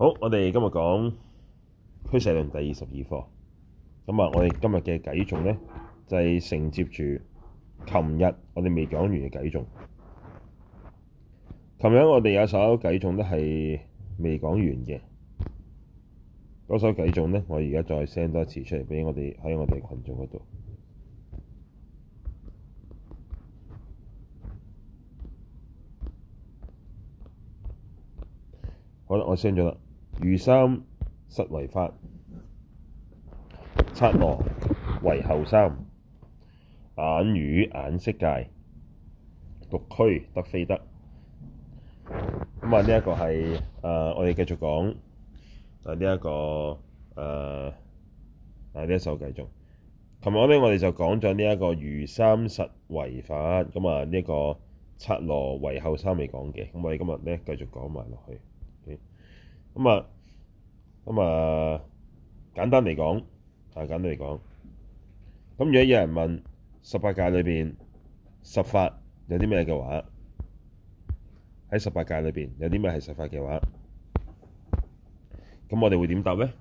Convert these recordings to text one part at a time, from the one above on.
好，我哋今日講俱舍論第二十二課。咁啊，我哋今日嘅偈頌咧，就係承接住琴日我哋未講完嘅偈頌。琴日我哋有首偈頌都係未講完嘅，嗰首偈頌咧，我而家再 send 多一次出嚟畀我哋喺我哋群眾嗰度。好啦，我 send 咗啦。餘三實唯法，剎那唯後三，眼與眼識界，獨俱得非等。咁、嗯、啊，呢、這、一個係誒、呃，我哋繼續講誒呢一個誒誒呢一首繼續。琴日咧，我哋就講咗呢一個餘三實唯法，咁、嗯、啊呢一、這個剎那唯後三未講嘅，咁、嗯、我哋今日咧繼續講埋落去。咁啊，咁、嗯嗯、啊，簡單嚟講，啊簡單嚟講，咁如果有人問十八界裏邊實法有啲咩嘅話，喺十八界裏邊有啲咩係實法嘅話，咁我哋會點答咧？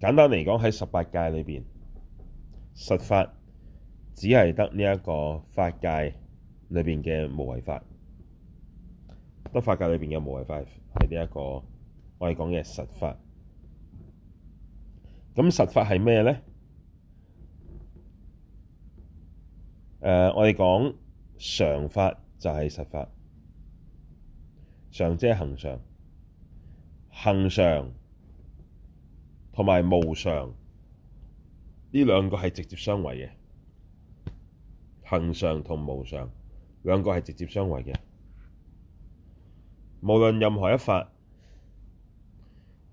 簡單嚟講，喺十八界裏邊，實法只係得呢一個法界裏邊嘅無為法。德法界裏邊嘅無為法係呢一個我哋講嘅實法。咁實法係咩咧？誒、呃，我哋講常法就係實法。常即係恒常，恒常同埋無常呢兩個係直接相違嘅。恒常同無常兩個係直接相違嘅。無論任何一法，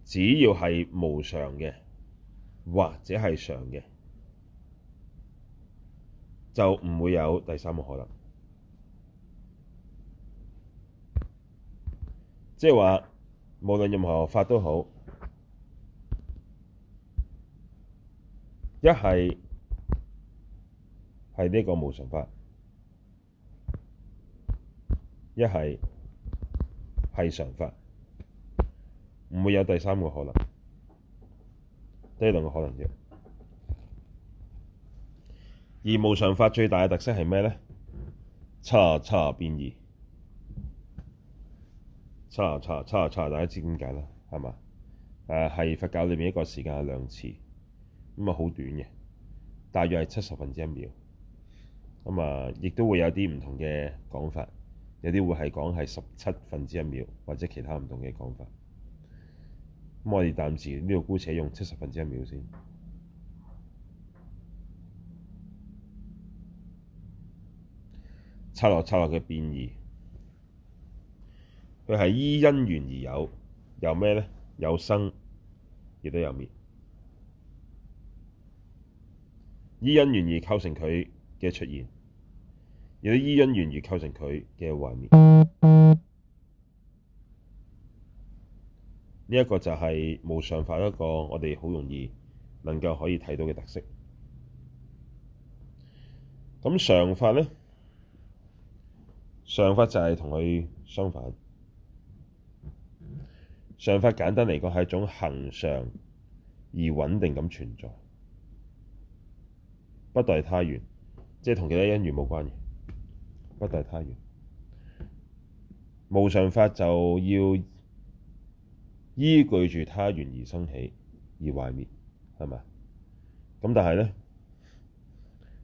只要係無常嘅，或者係常嘅，就唔會有第三個可能。即係話，無論任何法都好，一係係呢個無常法，一係。係常法，唔會有第三個可能，呢兩個可能啫。而無常法最大嘅特色係咩呢？剎那剎那變異，剎那剎那剎那剎那，大家知點解啦？係嘛？誒，係佛教裏面一個時間嘅量詞，咁啊好短嘅，大約係七十分之一秒，咁啊亦都會有啲唔同嘅講法。有啲會係講係十七分之一秒或者其他唔同嘅講法。咁我哋暫時呢度姑且用七十分之一秒先。剎那剎那嘅變異，佢係依因緣而有，有咩咧？有生亦都有滅，依因緣而構成佢嘅出現。有啲依因緣而構成佢嘅壞滅。呢一個就係無常法一個我哋好容易能夠可以睇到嘅特色。咁常法呢？常法就係同佢相反，常法簡單嚟講係一種恒常而穩定咁存在，不待他緣，即係同其他因緣冇關係。不待他緣，無常法就要依據住他緣而生起而壞滅，係咪？咁但係呢，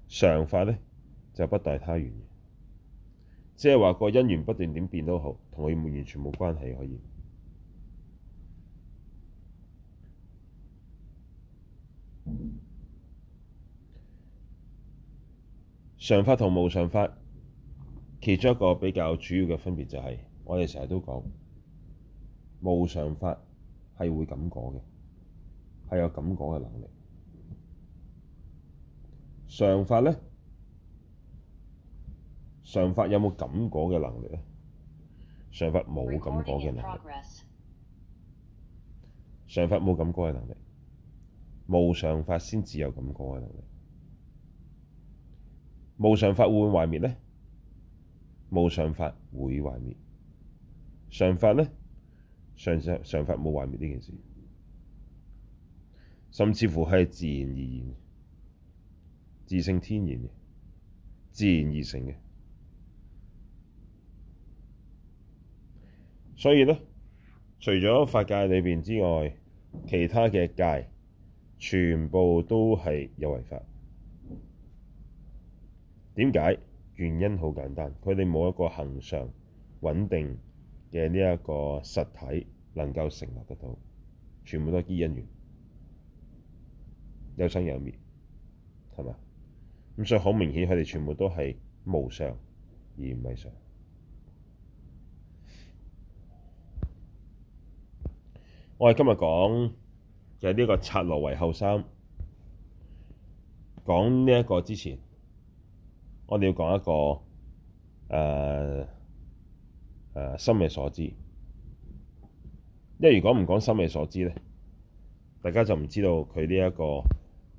常法呢，就不待他緣，即係話個因緣不斷點變都好，同佢完全冇關係可以。常法同無常法，其中一個比較主要嘅分別就係、是，我哋成日都講無常法係會感果嘅，係有感果嘅能力。常法呢？常法有冇感果嘅能力咧？常法冇感果嘅能力，常法冇感果嘅能力，無常法先至有感果嘅能力。無常法會唔會壞滅呢？冇常法會壞滅，常法呢？常常常法冇壞滅呢件事，甚至乎係自然而然、自性天然嘅、自然而成嘅。所以呢，除咗法界裏邊之外，其他嘅界全部都係有為法。點解？原因好簡單，佢哋冇一個恒常穩定嘅呢一個實體能夠成立得到，全部都係因緣，有生有滅，係嘛？咁所以好明顯，佢哋全部都係無常而唔係常。我哋今日講嘅呢個剎那唯後三，講呢一個之前。我哋要講一個誒誒、呃呃、心嘅所知，一，如果唔講心嘅所知咧，大家就唔知道佢呢一個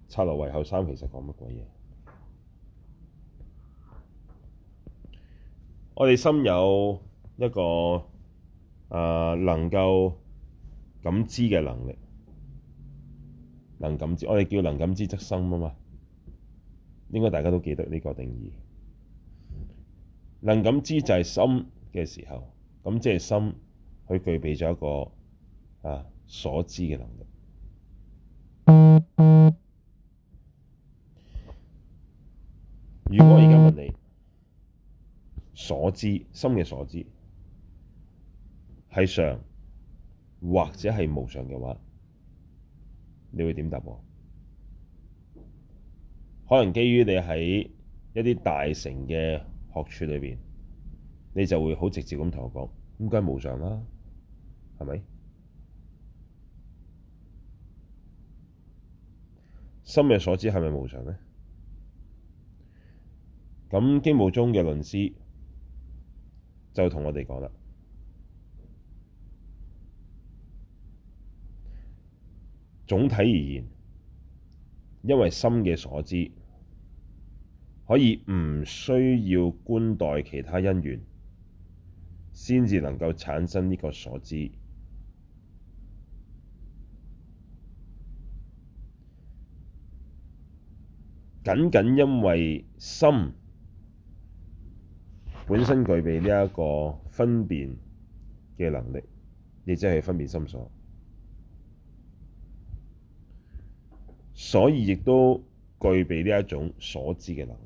剎那唯後三其實講乜鬼嘢。我哋心有一個誒、呃、能夠感知嘅能力，能感知，我哋叫能感知則生啊嘛。應該大家都記得呢個定義。能感知就係心嘅時候，咁即係心，佢具備咗一個啊所知嘅能力。如果而家問你所知，心嘅所知係常或者係無常嘅話，你會點答我？可能基於你喺一啲大城嘅學處裏邊，你就會好直接咁同我講：應該無常啦，係咪？心嘅所知係咪無常呢？」咁經部中嘅論師就同我哋講啦，總體而言。因為心嘅所知可以唔需要觀待其他因緣，先至能夠產生呢個所知。僅僅因為心本身具備呢一個分辨嘅能力，亦即係分辨心所。所以亦都具備呢一種所知嘅能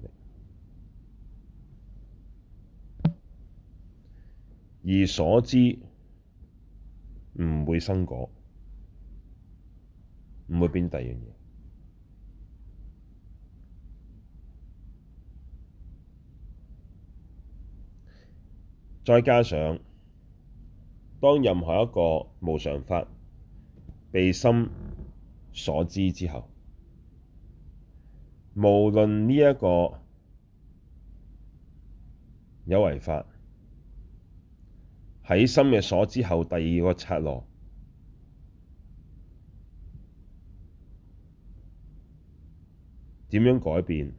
力，而所知唔會生果，唔會變第二樣嘢。再加上，當任何一個無常法被心所知之後。無論呢一個有為法喺心嘅所知之後，第二個剎那點樣改變，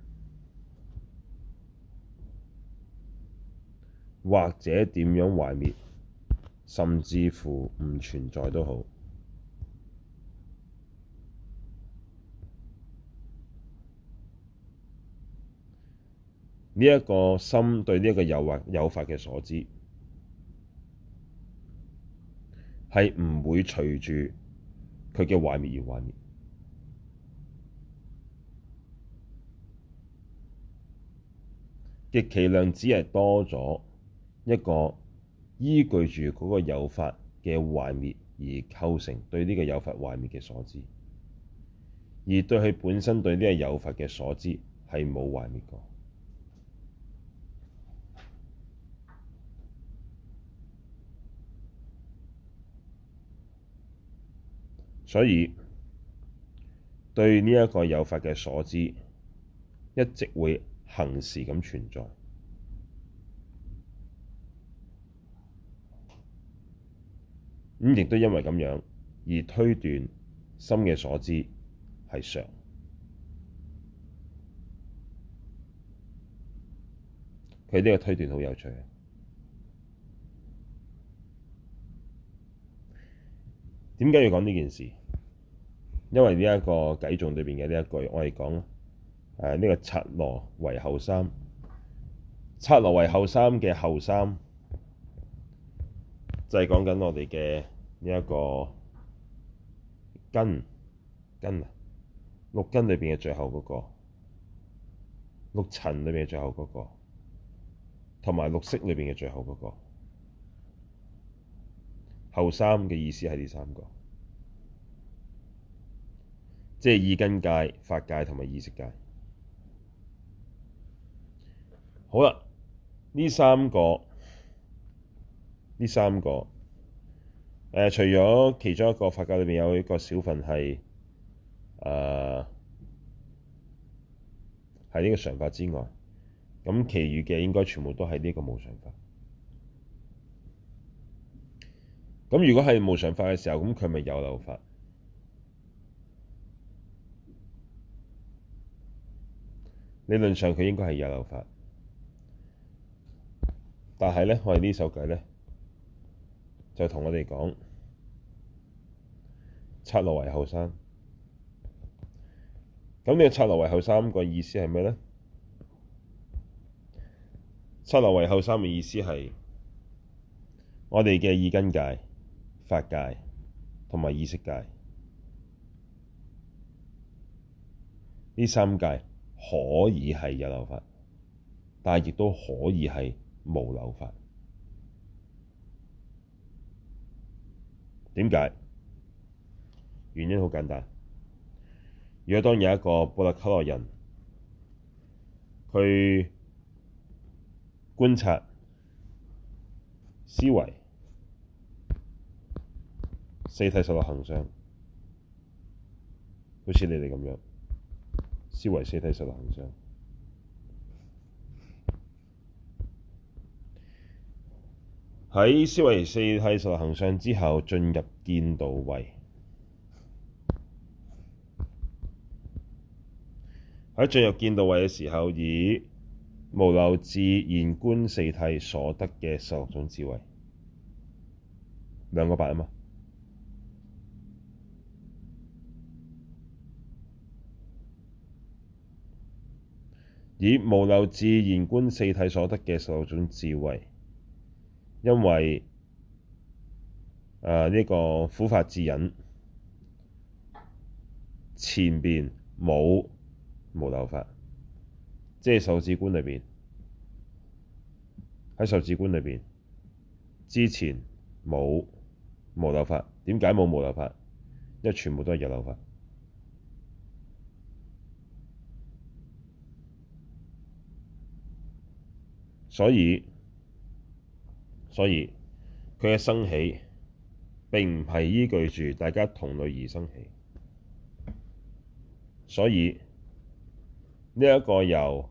或者點樣壞滅，甚至乎唔存在都好。呢一個心對呢一個有惑有法嘅所知，係唔會隨住佢嘅壞滅而壞滅。極其量只係多咗一個依據住嗰個有法嘅壞滅而構成對呢個有法壞滅嘅所知，而對佢本身對呢個有法嘅所知係冇壞滅過。所以對呢一個有法嘅所知，一直會恆時咁存在。咁亦都因為咁樣而推斷心嘅所知係常。佢呢個推斷好有趣。點解要講呢件事？因為呢、這、一個偈頌裏面嘅呢一句，我哋講誒呢、呃這個剎那唯後三，剎那唯後三嘅後三，就係、是、講緊我哋嘅呢一個根根啊，六根裏邊嘅最後嗰、那個，六塵裏邊嘅最後嗰、那個，同埋六識裏邊嘅最後嗰、那個，後三嘅意思係呢三個。即係意根界、法界同埋意識界。好啦，呢三個，呢三個，呃、除咗其中一個法界裏面有一個小份係，誒、呃，係呢個常法之外，咁其餘嘅應該全部都係呢個無常法。咁如果係無常法嘅時候，咁佢咪有漏法。理論上佢應該係有漏法，但係咧，我哋呢首偈咧就同我哋講：剎那唯後三。咁呢、這個剎那唯後三個意思係咩咧？剎那唯後三嘅意思係我哋嘅意根界、法界同埋意識界呢三界，可以係有漏法，但亦都可以係無漏法。點解？原因好簡單。如果當有一個補特伽羅人，佢觀察、思維、四諦十六行相，好似你哋咁樣。思維四諦十六行相。喺思維四諦十六行相之後，進入見道位。喺進入見道位嘅時候，以無漏智現觀四諦所得嘅十六種智慧，兩個八啊嘛。以無漏智現觀四諦所得嘅十六種智慧，因為啊呢、呃這個苦法智忍前邊冇無漏法，即係受持觀裏邊喺受持觀裏邊之前冇無漏法，點解冇無漏法？因為全部都係有漏法。所以，所以佢嘅生起並唔係依據住大家同類而生起，所以呢一個由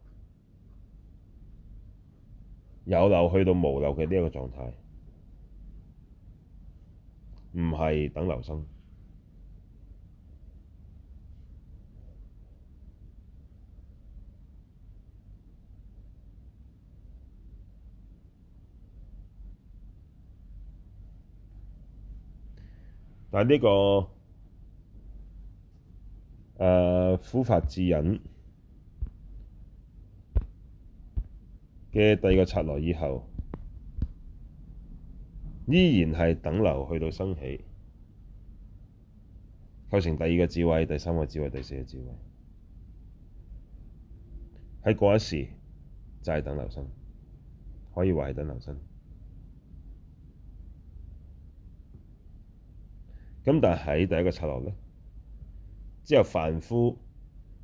有漏去到無漏嘅呢一個狀態，唔係等流生。但係、這、呢個誒苦、呃、法智忍嘅第二個剎那以後，依然係等流去到生起，構成第二個智慧、第三個智慧、第四個智慧。喺嗰一時就係、是、等流生，可以話係等流生。咁但係喺第一個剎那咧，之後凡夫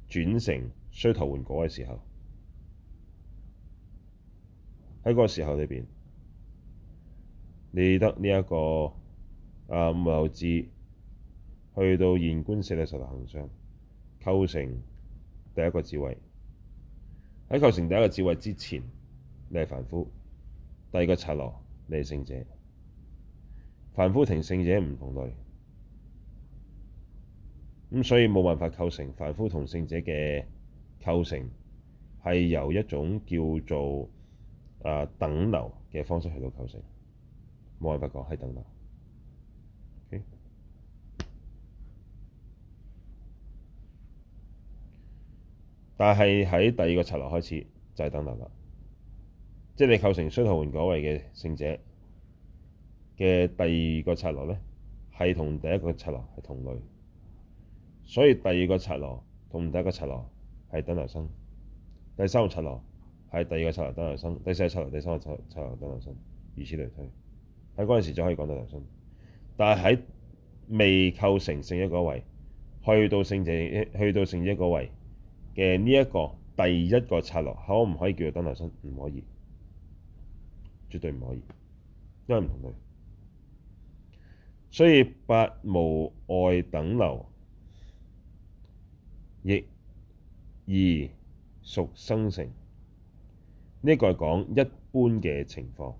轉成須陀洹果嘅時候，喺嗰個時候裏邊，你得呢、這、一個啊無漏智，去到現觀四諦十六行相構成第一個智慧。喺構成第一個智慧之前，你係凡夫；第二個剎那，你係聖者。凡夫同聖者唔同類。咁所以冇辦法構成凡夫同聖者嘅構成，係由一種叫做啊、呃、等流嘅方式去到構成，冇辦法講係等流。Okay? 但係喺第二個剎那開始就係、是、等流啦，即係你構成須陀洹果位嘅聖者嘅第二個剎那咧，係同第一個剎那係同類。所以第二個剎那同第一個剎那係等流生，第三個剎那係第二個剎那等流生，第四個剎那第三個剎剎那等流生，以此類推。喺嗰陣時就可以講等流生，但係喺未構成聖一個位，去到聖者，去到聖一個位嘅呢一個第一個剎那，可唔可以叫做等流生？唔可以，絕對唔可以，因為唔同類。所以八無礙等流。亦異熟生性，呢、這個係講一般嘅情況。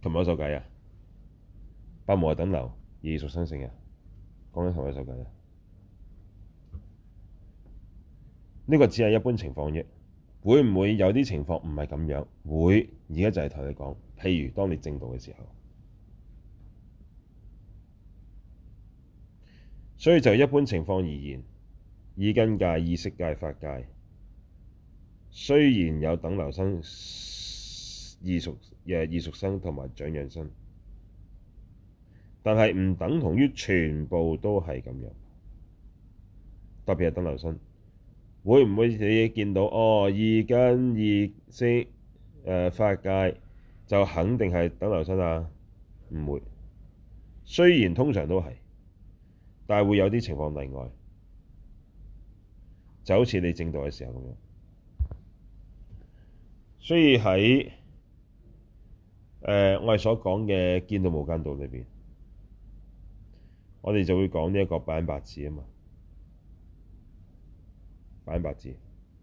同埋一首偈啊，八無礙等流，異熟生性嘅、啊，講緊同一首偈啊。呢、這個只係一般情況啫，會唔會有啲情況唔係咁樣？會，而家就係同你講，譬如當你見道嘅時候。所以就一般情況而言，意根界、意識界、法界，雖然有等流生、異熟、誒異熟生同埋長養生，但係唔等同於全部都係咁樣。特別係等流生，會唔會你見到哦？意根、意識、誒、呃、法界就肯定係等流生啊？唔會。雖然通常都係。但係會有啲情況例外，就好似你正道嘅時候咁樣。所以喺誒、呃、我哋所講嘅見道無間道裏邊，我哋就會講呢一個八忍八智啊嘛，八忍八智，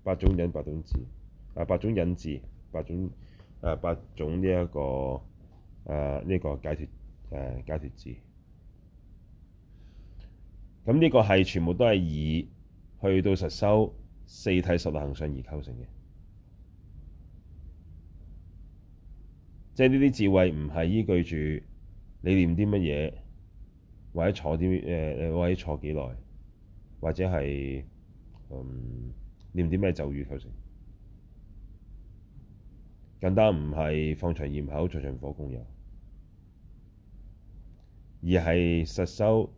八種忍八種智，啊八種忍智，八種誒八、呃、種呢、這、一個誒呢、呃這個解脱誒、呃、解脱智。咁呢個係全部都係以去到實修四諦十六行上而構成嘅，即係呢啲智慧唔係依據住你念啲乜嘢，或者坐啲誒、呃，或者坐幾耐，或者係嗯唸啲咩咒語構成，簡單唔係放長焰口、坐長火供油，而係實修。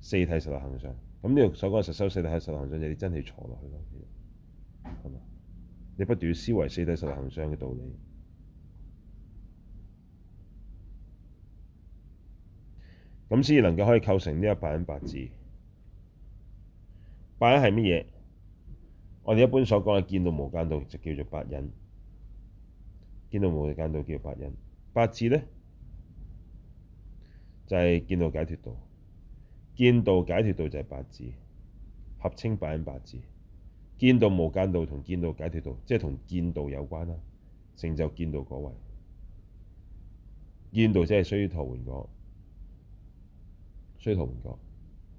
四諦十六行相，咁呢度所講嘅實修四諦係十六行相，就係你真係坐落去咯，係嘛？你不斷要思維四諦十六行相嘅道理，咁先至能夠可以構成呢一個八忍八智。八忍係乜嘢？我哋一般所講嘅見道無間道就叫做八忍，見道無間道叫做八忍。八智咧就係、是、見道解脫道。見道解脫道就係八智，合稱八忍八智。見道無間道同見道解脫道，即係同見道有關啦。成就見道嗰位，見道即係需要須陀洹果，需要須陀洹果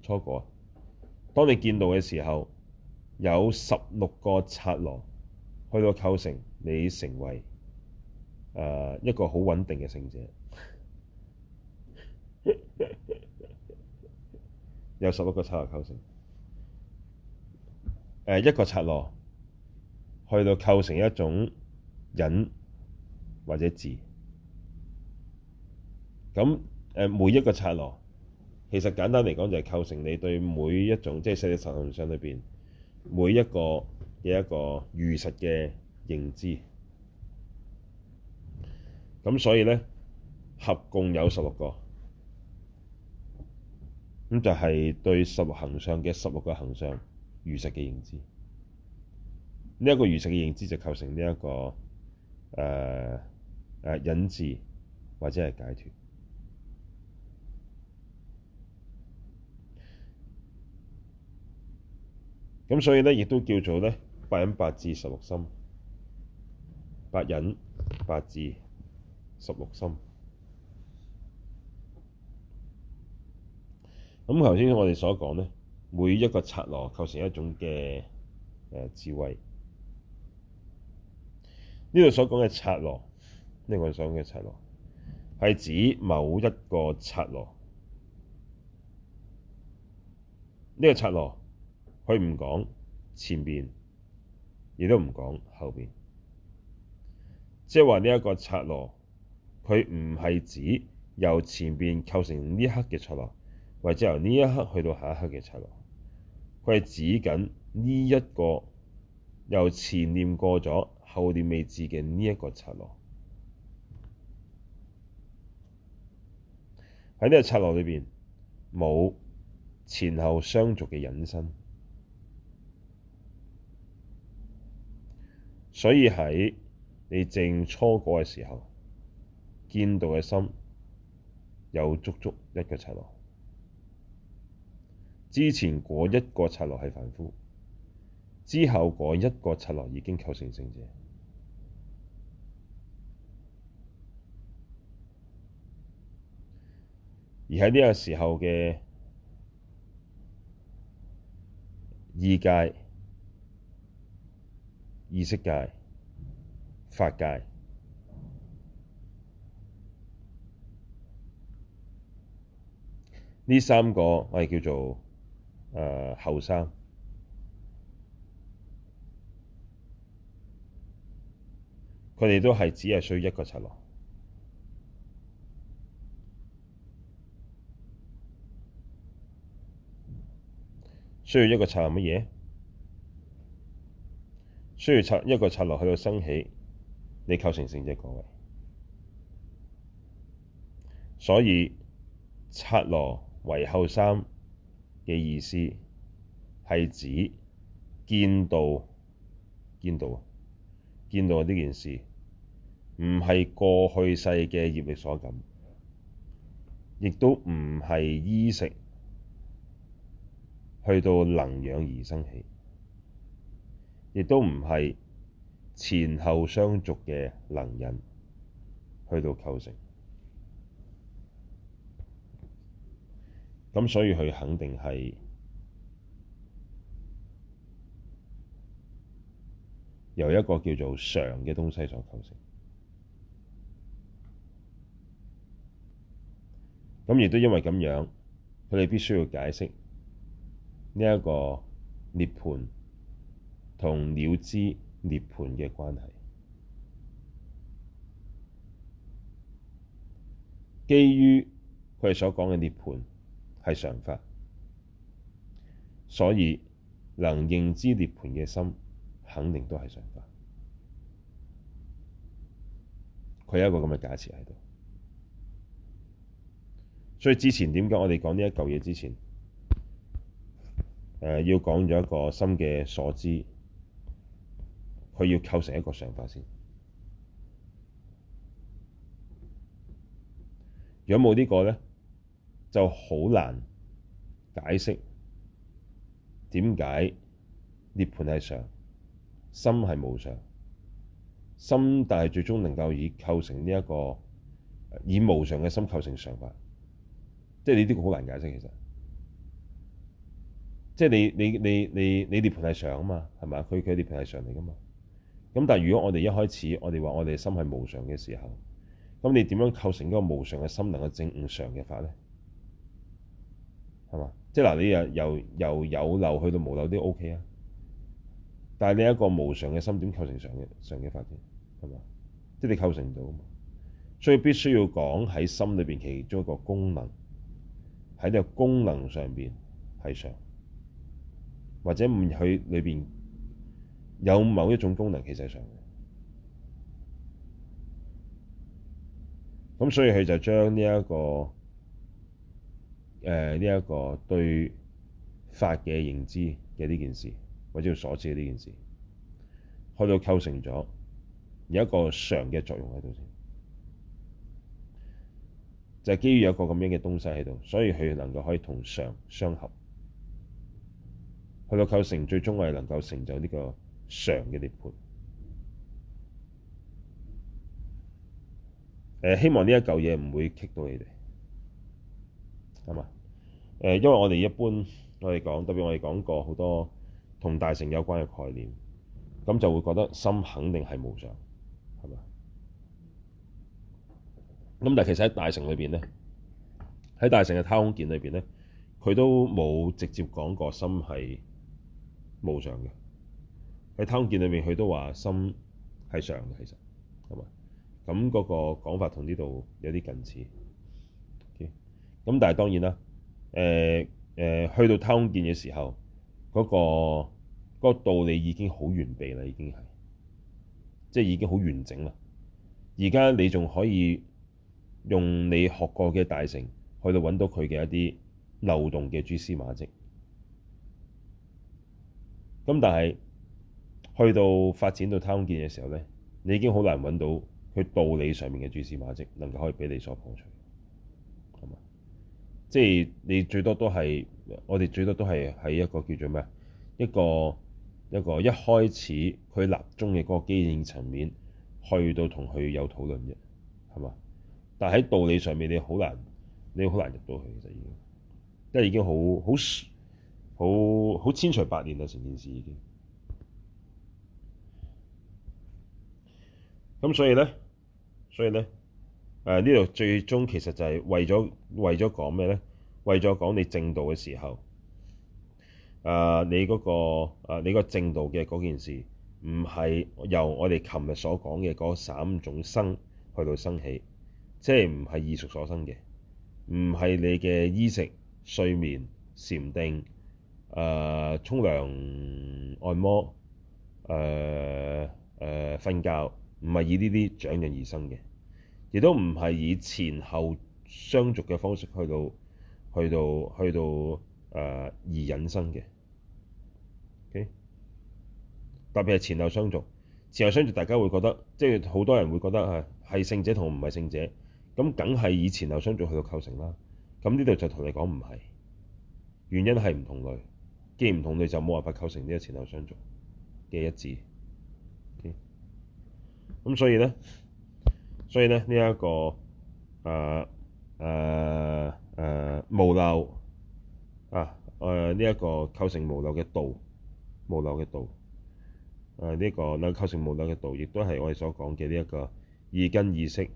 初果。當你見道嘅時候，有十六個剎那去到構成你成為誒、呃、一個好穩定嘅聖者。 有十六個剎那構成，誒、呃、一個剎那去到構成一種忍或者智，咁、呃、誒每一個剎那其實簡單嚟講就係構成你對每一種 即係世界實用上裏邊每一個嘅一個如實嘅認知，咁所以咧合共有十六個。咁就係對十六行相嘅十六個行相如實嘅認知，呢、這、一個如實嘅認知就構成呢一、這個誒誒、呃呃、忍智，或者係解脫。咁所以呢，亦都叫做咧八忍八智十六心，八忍八智十六心。咁頭先我哋所講呢，每一個剎那構成一種嘅智慧。呢度所講嘅剎那，呢個係想嘅剎那，係指某一個剎那。呢個剎那，佢唔講前邊，亦都唔講後邊，即係話呢一個剎那，佢唔係指由前邊構成呢刻嘅剎那，或者由呢一刻去到下一刻嘅剎那，佢係指緊呢一個由前念過咗，後念未至嘅呢一個剎那。喺呢個剎那裏邊冇前後相續嘅引生，所以喺你證初果嘅時候，見道嘅心有足足一個剎那。之前嗰一個剎那係凡夫，之後嗰一個剎那已經構成聖者，而喺呢個時候嘅意界、意識界、法界呢三個，我哋叫做。誒、呃、後三，佢哋都係只係需要一個剎那，需要一個剎那係乜嘢？需要一個剎那，喺度生起，你構成聖者果位，所以剎那為後三嘅意思係指見道，見道，見道呢件事，唔係過去世嘅業力所感，亦都唔係衣食去到能養而生起，亦都唔係前後相續嘅能人，去到構成。咁所以佢肯定係由一個叫做常嘅東西所構成。咁亦都因為咁樣，佢哋必須要解釋呢一個涅槃同鳥之涅槃嘅關係，基於佢哋所講嘅涅槃。係常法，所以能認知涅槃嘅心，肯定都係常法。佢有一個咁嘅假設喺度，所以之前點解我哋講呢一嚿嘢之前，誒、呃、要講咗一個心嘅所知，佢要構成一個常法先。如果冇呢個咧？就好難解釋點解涅槃係常，心係無常心，但係最終能夠以構成呢、這、一個以無常嘅心構成常法，即係你呢啲好難解釋。其實即係你你你你你涅槃係常啊嘛，係咪佢佢涅槃係常嚟噶嘛？咁但係如果我哋一開始我哋話我哋心係無常嘅時候，咁你點樣構成一個無常嘅心能常，能夠證悟常嘅法咧？係嘛？即係嗱，你由，由有漏去到無漏都 OK 啊！但係你係一個無常嘅心點構成常嘅常嘅法咧？係嘛？即係你構成唔到，所以必須要講喺心裏邊其中一個功能，喺呢個功能上邊係常，或者唔去裏邊有某一種功能其實係常嘅，咁所以佢就將呢一個。.誒呢、呃、一個對法嘅認知嘅呢件事，或者之所知嘅呢件事，去到構成咗、就是、有一個常嘅作用喺度先，就係基於有一個咁樣嘅東西喺度，所以佢能夠可以同常相合，去到構成最終係能夠成就呢個常嘅涅槃。誒、呃、希望呢一嚿嘢唔會棘到你哋。係嘛？誒，因為我哋一般我哋講，特別我哋講過好多同大乘有關嘅概念，咁就會覺得心肯定係無常。係咪啊？咁但係其實喺大乘裏邊咧，喺大乘嘅《他空見》裏邊咧，佢都冇直接講過心係無常嘅。喺《他空見》裏面，佢都話心係常嘅，其實係嘛？咁嗰個講法同呢度有啲近似。咁但係當然啦，誒、呃、誒、呃、去到他空見嘅時候，嗰、嗰個嗰個道理已經好完備啦，已經係即係已經好完整啦。而家你仲可以用你學過嘅大成去到揾到佢嘅一啲漏洞嘅蛛絲馬跡。咁但係去到發展到他空見嘅時候咧，你已經好難揾到佢道理上面嘅蛛絲馬跡，能夠可以俾你所破除。即係你最多都係，我哋最多都係喺一個叫做咩？一個一個一開始佢立宗嘅嗰個基建層面，去到同佢有討論啫，係嘛？但喺道理上面，你好難你好難入到去，其實已經，因為已經好好好好千錘百煉啊，成件事已經。咁所以咧，所以咧。誒，呢度最終其實就係為咗為咗講咩咧？為咗講你正道嘅時候，誒、啊、你嗰、那個、啊、你個正道嘅嗰件事，唔係由我哋琴日所講嘅嗰三種生去到生起，即係唔係異熟所生嘅，唔係你嘅衣食睡眠禪定誒沖涼按摩誒誒瞓覺，唔係以呢啲長養而生嘅。亦都唔係以前後相續嘅方式去到去到去到誒、呃、而引生嘅，okay? 特別係前後相續，前後相續大家會覺得，即係好多人會覺得係係聖者同唔係聖者，咁梗係以前後相續去到構成啦。咁呢度就同你講唔係，原因係唔同類，既然唔同類就冇辦法構成呢個前後相續嘅一致。咁、okay? 所以咧。所以咧呢一、這個誒誒誒無漏啊誒呢一個構成無漏嘅道無漏嘅道誒呢、啊這個構成無漏嘅道，亦都係我哋所講嘅呢一個意根意識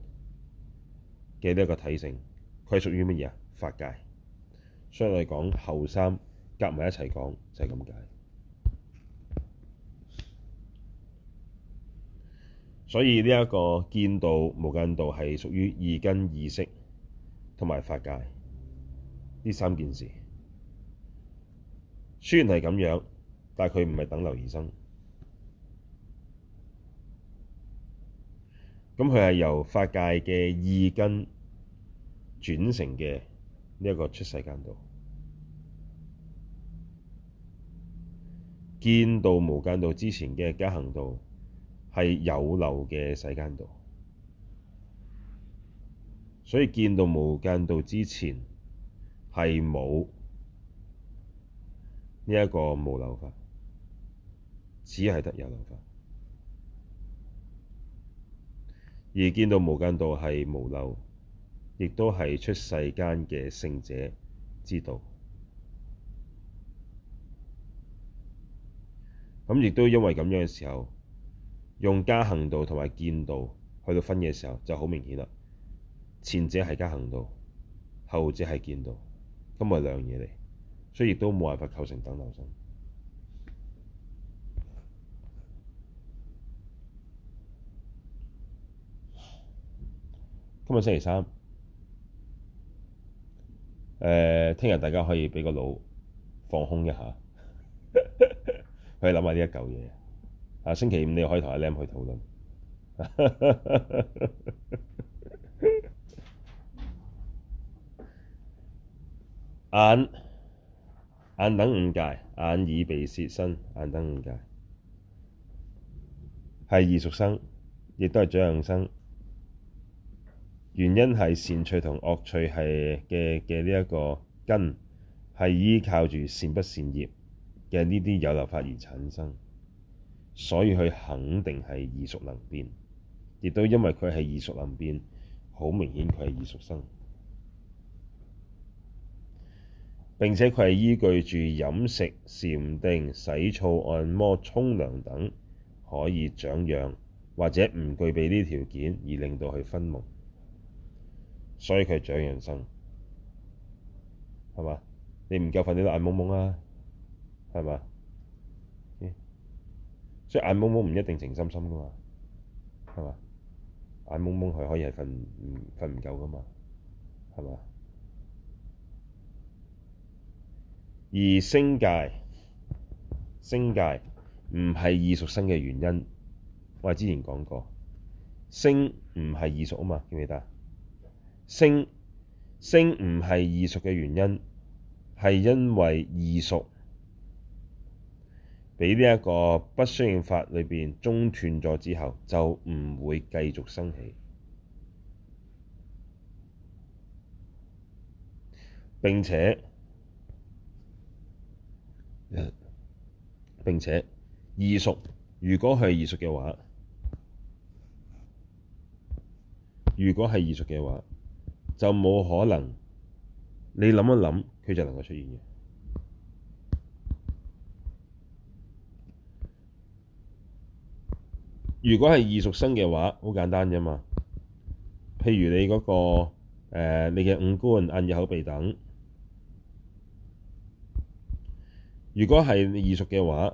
嘅呢一個體性，佢係屬於乜嘢啊？法界，所以我哋講後三夾埋一齊講就係咁解。所以呢一個見道無間道係屬於意根意識同埋法界呢三件事，雖然係咁樣，但佢唔係等流而生。咁佢係由法界嘅意根轉成嘅呢一個出世間道，見道無間道之前嘅加行道。係有漏嘅世間道，所以見道無間道之前係冇呢一個無漏法，只係得有漏法。而見道無間道係無漏，亦都係出世間嘅聖者之道。咁亦都因為咁樣嘅時候。用加行道同埋見道去到分嘅時候，就好明顯啦。前者係加行道，後者係見道，咁係兩嘢嚟，所以亦都冇辦法構成等流生。今日星期三，誒、呃，聽日大家可以畀個腦放空一下，去諗下呢一嚿嘢。星期五你可以同阿 l 去討論 眼。眼眼等五界，眼耳鼻舌身，眼等五界係異熟生，亦都係長養生。原因係善趣同惡趣係嘅嘅呢一個根係依靠住善不善業嘅呢啲有漏法而產生。所以佢肯定係異熟能變，亦都因為佢係異熟能變，好明顯佢係異熟生。並且佢係依據住飲食、禪定、洗澡、按摩、沖涼等可以長養，或者唔具備呢條件而令到佢分夢，所以佢係長養生，係嘛？你唔夠瞓，你都眼蒙蒙啊，係嘛？即係眼朦朦唔一定情深深噶嘛，係嘛？眼朦朦佢可以係瞓唔瞓唔夠噶嘛，係嘛？而聲界，聲界唔係異熟生嘅原因，我之前講過，聲唔係異熟啊嘛，記唔記得？聲，聲唔係異熟嘅原因係因為異熟。畀呢一個不相應法裏邊中斷咗之後，就唔會繼續生起。並且，誒，並且異熟。如果係異熟嘅話，如果係異熟嘅話，就冇可能。你諗一諗，佢就能夠出現嘅。如果係易熟生嘅話，好簡單啫嘛。譬如你嗰、那個、呃、你嘅五官、眼、耳、口、鼻等，如果係易熟嘅話，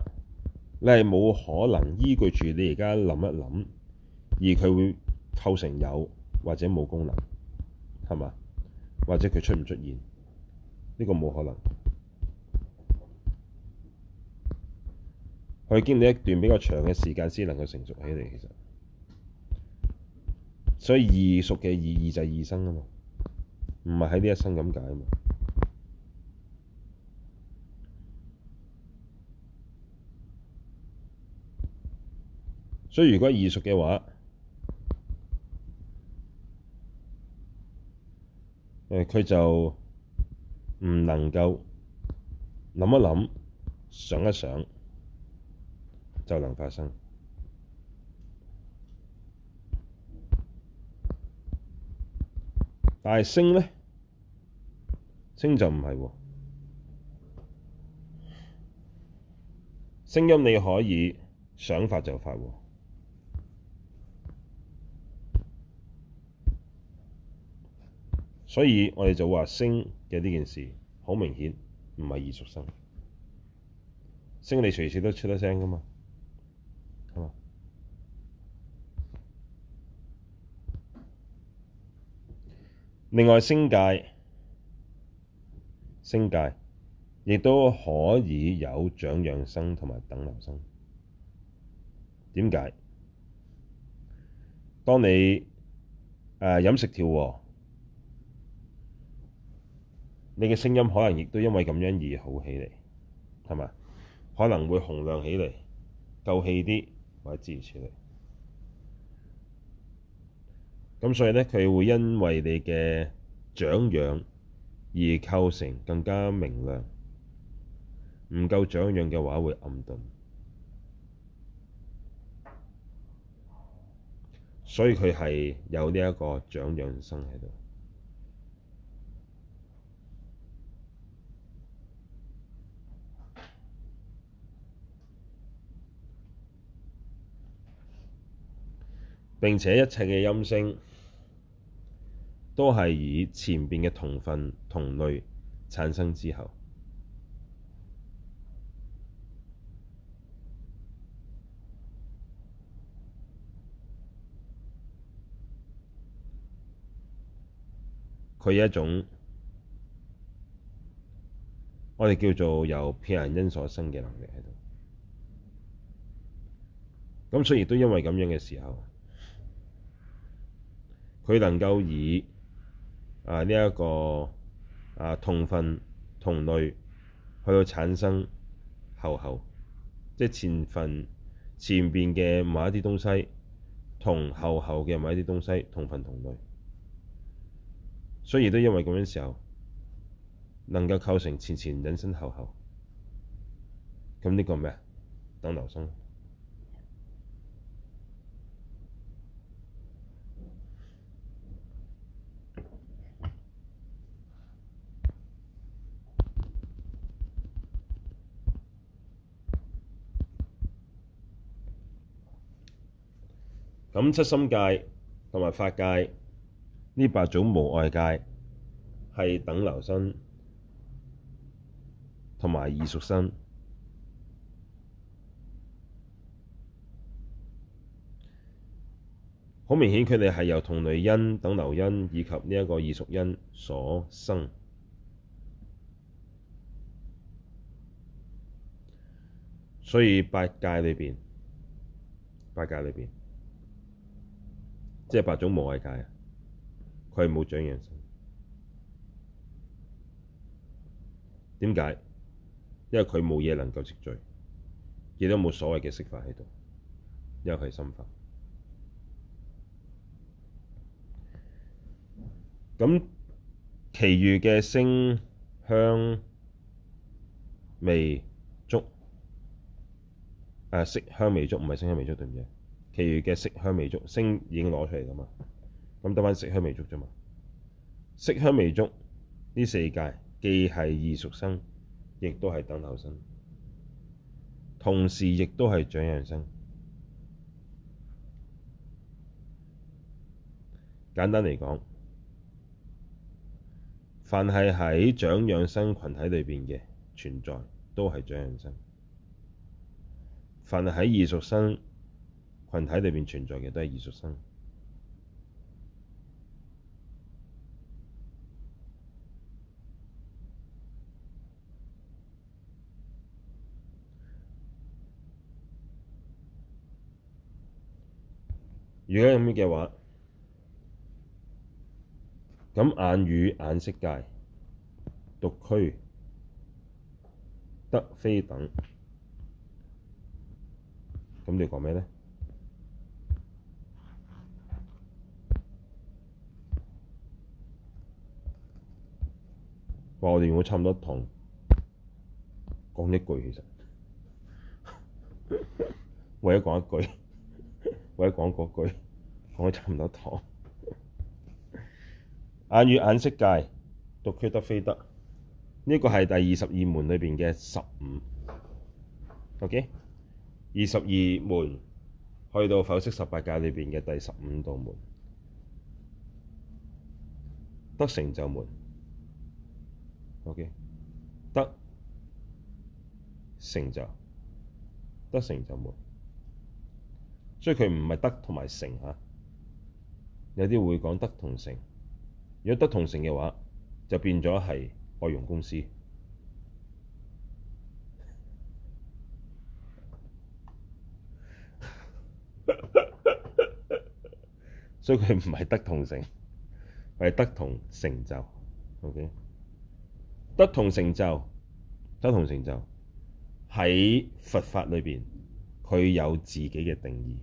你係冇可能依據住你想想而家諗一諗而佢會構成有或者冇功能係嘛？或者佢出唔出現呢？這個冇可能。佢經歷一段比較長嘅時間先能夠成熟起嚟，其實，所以異熟嘅意義就係異生啊嘛，唔係喺呢一生咁解啊嘛。所以如果異熟嘅話，誒、呃、佢就唔能夠諗一諗、想一想。就能發生，但係聲呢？聲就唔係喎。聲音你可以想發就發喎，哦，所以我哋就話聲嘅呢件事好明顯唔係異熟生，聲你隨時都出得聲噶嘛。另外，聲界聲界亦都可以有長養生同埋等流生。點解？當你誒、呃、飲食調和，你嘅聲音可能亦都因為咁樣而好起嚟，係嘛？可能會洪亮起嚟，夠氣啲，或者支持你。咁所以呢，佢會因為你嘅長養而構成更加明亮；唔夠長養嘅話，會暗頓。所以佢係有呢一個長養生喺度。並且一切嘅音聲，都係以前面嘅同分同類產生之後，佢有一種我哋叫做有遍行因所生嘅能力喺度。咁所以都因為咁樣嘅時候，佢能夠以啊！呢、這、一個啊，同分同類去到產生後後，即係前分前邊嘅某一啲東西，同後後嘅某一啲東西同分同類，所以都因為咁樣時候能夠構成前前引生後後，咁呢個咩啊？等流生。咁七心界同埋法界呢八種無礙界係等流生同埋異熟生，好明顯佢哋係由同類因、等流因以及呢一個異熟因所生，所以八界裏邊，八界裏邊。即係八種無礙界啊！佢係冇長養性，點解？因為佢冇嘢能夠積聚，亦都冇所謂嘅色法喺度，因佢係心法。咁，其餘嘅聲、香、味、足，誒，色香味足，唔係聲香味足對唔對？其餘嘅色香味觸，聲已經攞出嚟㗎嘛？咁得返色香味觸啫嘛？色香味觸呢四界，既係異熟生，亦都係等流生，同時亦都係長養生。簡單嚟講，凡係喺長養生群體裏邊嘅存在，都係長養生；凡係喺異熟生群體裏面存在嘅都係異熟生。如果咁嘅話，咁眼與眼識界，獨俱得非等，咁你講咩呢？話我哋用差唔多一趟，講一句其實，為咗講一句，為咗講嗰句，講咗差唔多一趟。眼與眼識界，獨俱得非等。呢個係第二十二門裏邊嘅十五。OK，二十二門去到剖析十八界裏邊嘅第十五道門，得成就門。O.K. 得成就，得成就門，所以佢唔係得同埋成嚇、啊。有啲會講得同成，如果得同成嘅話，就變咗係外傭公司。 所以佢唔係得同成，係得同成就。O.K. 得同成就，得同成就喺佛法裏邊，佢有自己嘅定義。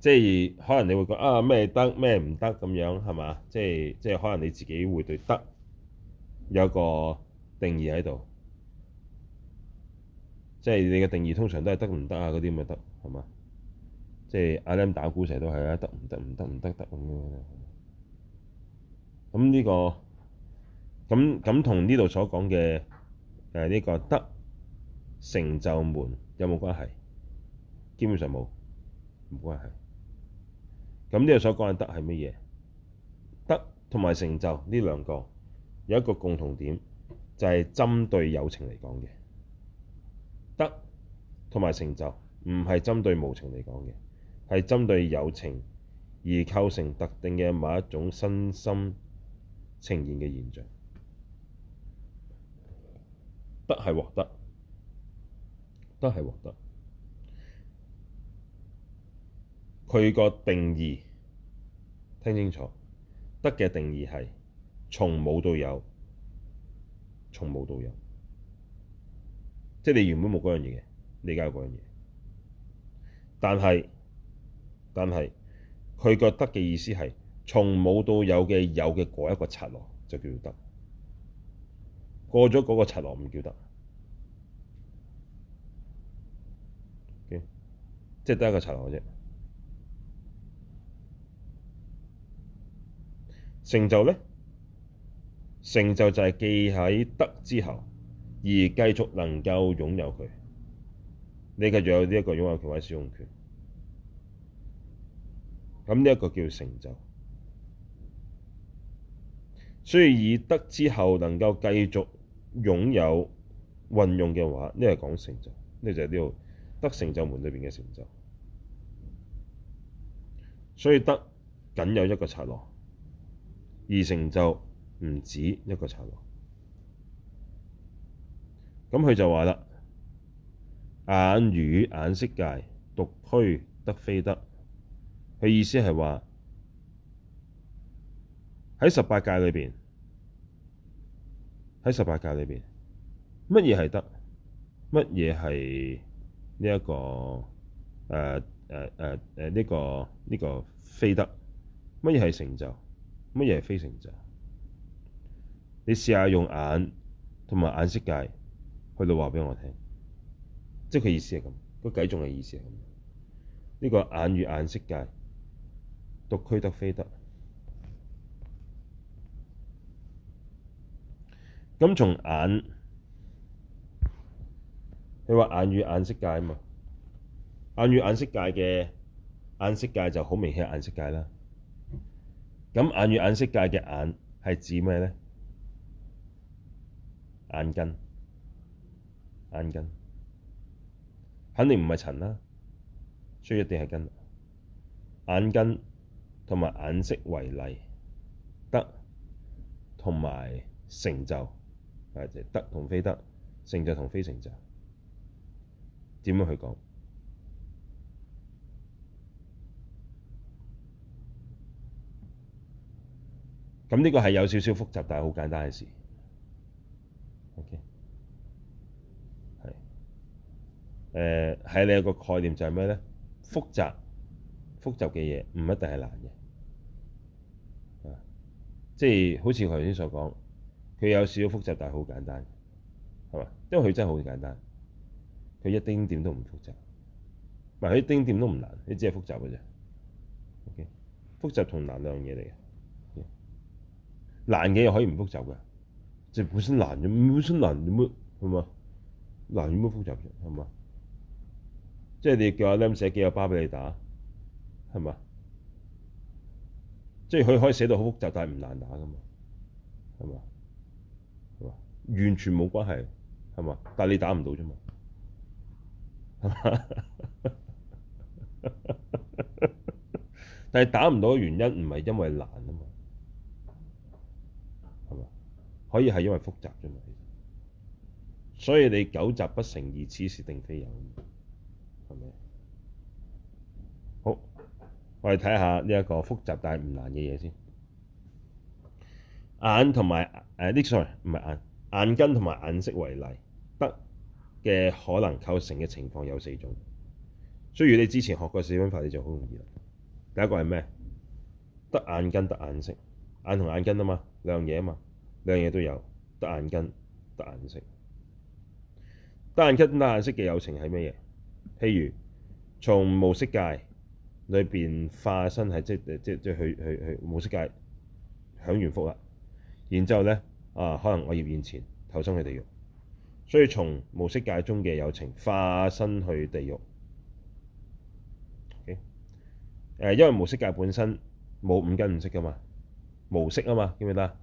即係可能你會覺得：啊「啊咩得咩唔得咁樣係嘛？即係即係可能你自己會對得有一個定義喺度。即係你嘅定義通常都係得唔得啊嗰啲咁嘅得係嘛？即係阿 l 打鼓成日都係啊，得唔得唔得唔得得咁樣。咁呢、這個。咁咁同呢度所講嘅誒呢個得成就門有冇關係？基本上冇，冇關係。咁呢度所講嘅得係乜嘢？得同埋成就呢兩個有一個共同點，就係針對有情嚟講嘅。得同埋成就唔係針對無情嚟講嘅，係針對有情而構成特定嘅某一種身心呈現嘅現象。得係獲得，得係獲得。佢個定義，聽清楚，得嘅定義係從冇到有，從冇到有，即係你原本冇嗰樣嘢嘅，你而家有嗰樣嘢。但係，但係，佢個得嘅意思係從冇到有嘅有嘅嗰一個剎那，就叫做得。過咗嗰個剎那，唔叫得，okay? 即係得一個剎那嘅啫。成就咧，成就就係記喺「得」之後，而繼續能夠擁有佢，你繼續有呢一個擁有權或者使用權，咁呢一個叫成就。所以以「得」之後能夠繼續。擁有運用嘅話，呢係講成就，呢就係呢度「得成就」門裏邊嘅成就。所以得僅有一個剎那，而成就唔止一個剎那。咁佢就話啦，眼與眼識界、獨俱得非等。佢意思係話喺十八界裏邊，喺十八界裏邊，乜嘢係得？乜嘢係呢一個誒誒誒誒呢個呢個非得？乜嘢係成就？乜嘢係非成就？ 你試下用眼同埋眼識界去到話畀我聽，即係佢意思係咁，個計仲嘅意思係咁。呢、這個眼與眼識界，獨俱得非等。咁從眼，佢話眼與眼識界啊嘛。眼與眼識界嘅眼識界就好明顯，係眼識界啦。咁眼與眼識界嘅眼係指咩咧？眼根，眼根，肯定唔係塵啦，所以一定係根。眼根同埋眼識為例，得同埋成就。係得同非得，成就同非成就，點樣去講？咁呢個係有少少複雜，但係好簡單嘅事。OK，係，誒、呃，係你有一個概念就係咩咧？複雜，複雜嘅嘢唔一定係難嘅，啊，即係好似我頭先所講。佢有少少複雜，但係好簡單，係嘛？因為佢真係好簡單，佢一丁點都唔複雜，唔係佢一丁點都唔難。你只係複雜嘅啫。OK，複雜同難兩樣嘢嚟嘅。OK，難嘅又可以唔複雜嘅，即係本身難，本身難做乜，係嘛？難要乜複雜嘅，係嘛？即係你叫阿 Lam 寫幾個巴畀你打，係嘛？即係佢可以寫到好複雜，但係唔難打㗎嘛？係嘛？完全冇關係，係嘛？但係你打唔到啫嘛，係嘛？ 但係打唔到嘅原因唔係因為難啊嘛，係嘛？可以係因為複雜啫嘛。其實，所以你九集不成，而此事定非有，係咪？好，我哋睇下呢一個複雜但係唔難嘅嘢先，眼同埋誒呢個 sorry，唔係眼。眼根同埋眼識為例，得嘅可能構成嘅情況有四種。所以如果你之前學過四分法，你就好容易啦。第一個係咩？得眼根、得眼識，眼同眼根啊嘛，兩樣嘢啊嘛，兩樣嘢都有。得眼根、得眼識，得眼根、得眼識嘅有情係乜嘢？譬如從無色界裏邊化生，係即係即即去去去無色界享完福啦，然之後咧。啊，可能我現前，投身去地獄，所以從無色界中嘅有情化生去地獄。誒、okay? 呃，因為無色界本身冇五根五識噶嘛，無色啊嘛，記唔記得啊？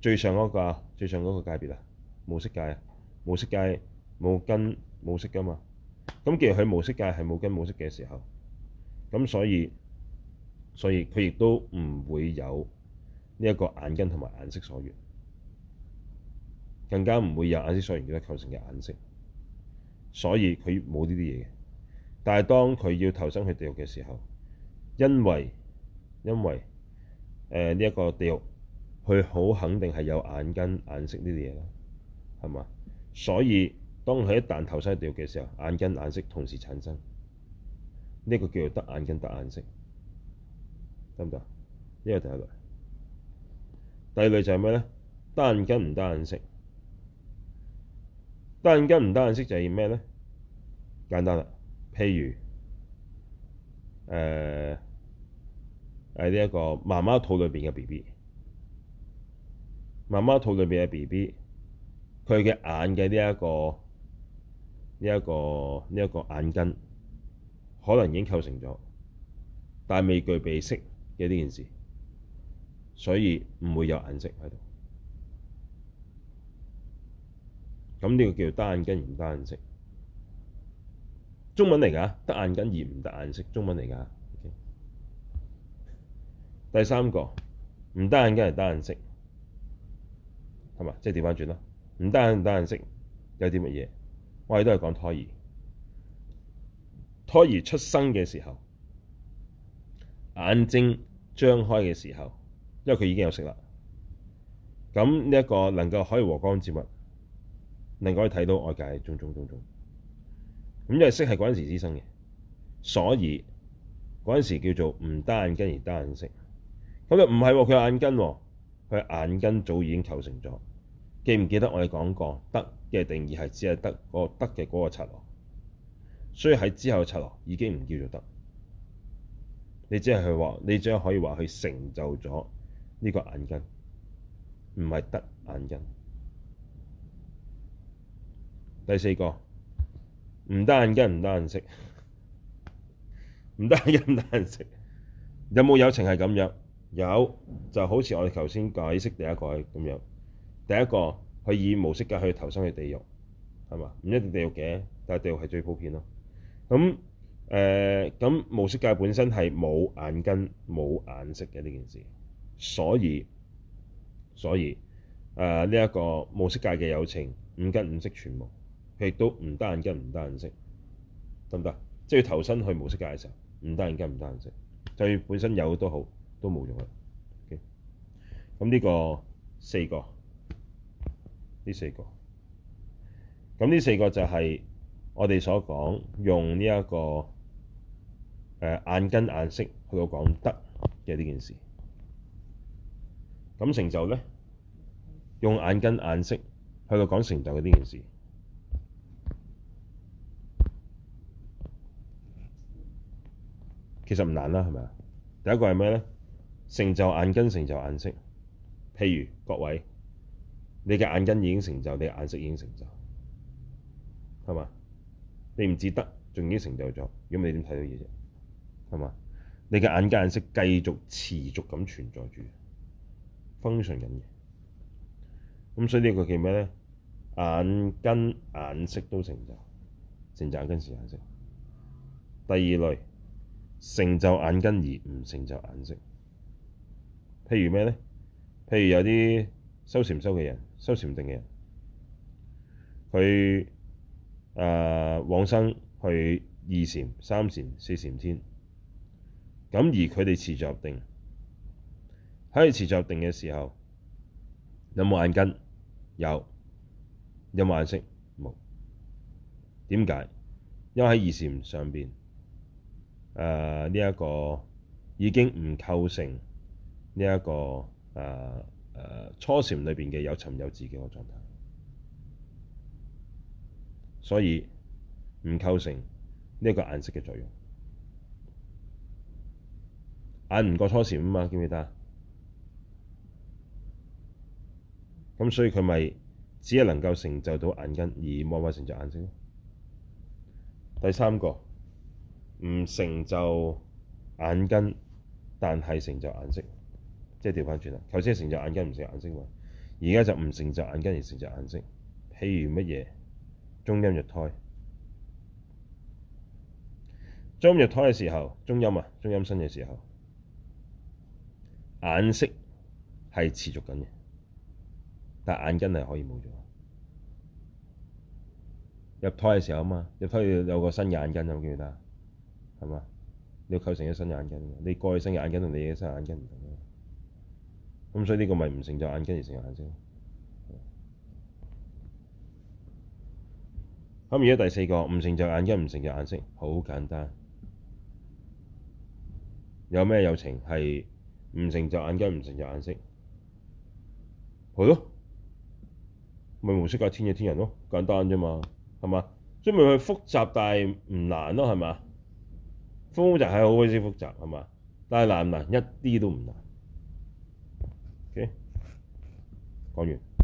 最上嗰個，最上嗰個，啊、個界別啊，無色界啊，無色界冇根冇識噶嘛。咁既然佢無色界係冇根冇識嘅時候，咁所以所以佢亦都唔會有呢一個眼根同埋眼識所緣。更加唔會有眼，所得眼識所叫要構成嘅眼識，所以佢冇呢啲嘢。但係當佢要投身去地獄嘅時候，因為因為誒呢一個地獄，佢好肯定係有眼根眼識呢啲嘢咯，係嘛？所以當佢一旦投身去地獄嘅時候，眼根眼識同時產生，呢個叫做得眼根得眼識行行，得唔得？呢個第一類，第二類就係咩咧？得眼根唔得眼識。單眼根唔單眼色就係咩咧？簡單啦，譬如誒，喺呢一個媽媽肚裏邊嘅 B B，媽媽肚裏邊嘅 B B，佢嘅眼嘅呢一個呢一個呢一個眼根，可能已經構成咗，但未具備色嘅呢件事，所以唔會有顏色喺度。咁呢個叫做得眼根而唔得眼識，中文嚟㗎，得眼根而唔得眼識，中文嚟㗎。Okay? 第三個唔得眼根而得眼識係嘛？即係調翻轉啦，唔得眼唔得眼識有啲乜嘢？我哋都係講胎兒，胎兒出生嘅時候眼睛張開嘅時候，因為佢已經有識啦。咁呢一個能夠可以和光接物。能夠睇到外界種種種種，咁因為色係嗰陣時滋生嘅，所以嗰陣時叫做唔得眼根而得眼識。咁又唔係喎，佢眼根喎、哦，佢眼根早已經構成咗。記唔記得我哋講過，得嘅定義係只係得嗰、嗰個得嘅嗰個剎那，所以喺之後剎那已經唔叫做得。你。你只係話你只可以話佢成就咗呢個眼根，唔係得眼根。第四個唔得眼根，唔得眼識，唔 得眼根，唔得眼識。 有冇有情係咁樣？有就好似我哋頭先解釋第一個係咁樣。第一個係以無色界去投生去地獄，係嘛？唔一定地獄嘅，但係地獄係最普遍咯。咁誒，咁無色界本身係冇眼根、冇眼識嘅呢件事，所以所以誒呢一個無色界嘅有情，五根五識全無。亦都唔得眼根，唔得眼識，得唔得？即係要投身去無色界嘅時候，唔得眼根，唔得眼識。就算本身有都好，都冇用嘅。咁、okay? 呢個四個，呢四個，咁呢四個就係我哋所講用呢、這、一個誒、呃、眼根眼識去到講得嘅呢件事。咁成就咧，用眼根眼識去到講成就嘅呢件事。其實唔難啦，係咪啊？第一個係咩咧？成就眼根，成就眼識。譬如各位，你嘅眼根已經成就，你嘅眼識已經成就，係嘛？你唔至得，仲已經成就咗。如果唔係，點睇到嘢啫？係嘛？你嘅眼根眼識繼續持續咁存在住 function 緊嘅。咁所以呢個叫咩咧？眼根眼識都成就，成就眼根是眼識。第二類。成就眼根而唔成就眼色，譬如咩呢？譬如有啲修禪修嘅人，修禪定嘅人，佢啊、呃、往生去二禪、三禪、四禪天，咁而佢哋持續入定，喺持續入定嘅時候有冇眼根？有，有冇眼色？冇。點解？因為喺二禪上邊。誒呢一個已經唔構成呢、這、一個誒誒、呃呃、初禪裏邊嘅有尋有伺嘅一個狀態，所以唔構成呢一個眼識嘅作用。眼唔過初禪啊嘛，記唔記得？咁所以佢咪只係能夠成就到眼根，而冇法成就眼識咯。第三個。唔成就眼根，但係成就眼識，即係調返轉啦。頭先成就眼根，唔成就眼識嘛。而家就唔成就眼根，而成就眼識。譬如乜嘢？中陰入胎，中陰入胎嘅時候，中陰啊，中陰身嘅時候，眼識係持續緊嘅，但係眼根係可以冇咗。入胎嘅時候啊嘛，入胎要有個新眼根，有冇見到係嘛？你要構成一新眼根，你過去新眼根同你嘅新眼根唔同，咁所以呢個咪唔成就眼根而成就眼識咯。咁而家第四個唔成就眼根，唔成就眼識，好簡單。有咩有情係唔成就眼根，唔成就眼，成就眼識？係咯。咪無色界天嘅天人咯，簡單啫嘛，係嘛？所以咪係複雜，但係唔難咯，係嘛？複雜係好鬼死複雜，係嘛？但係難唔難？一啲都唔難。O.K. 講完。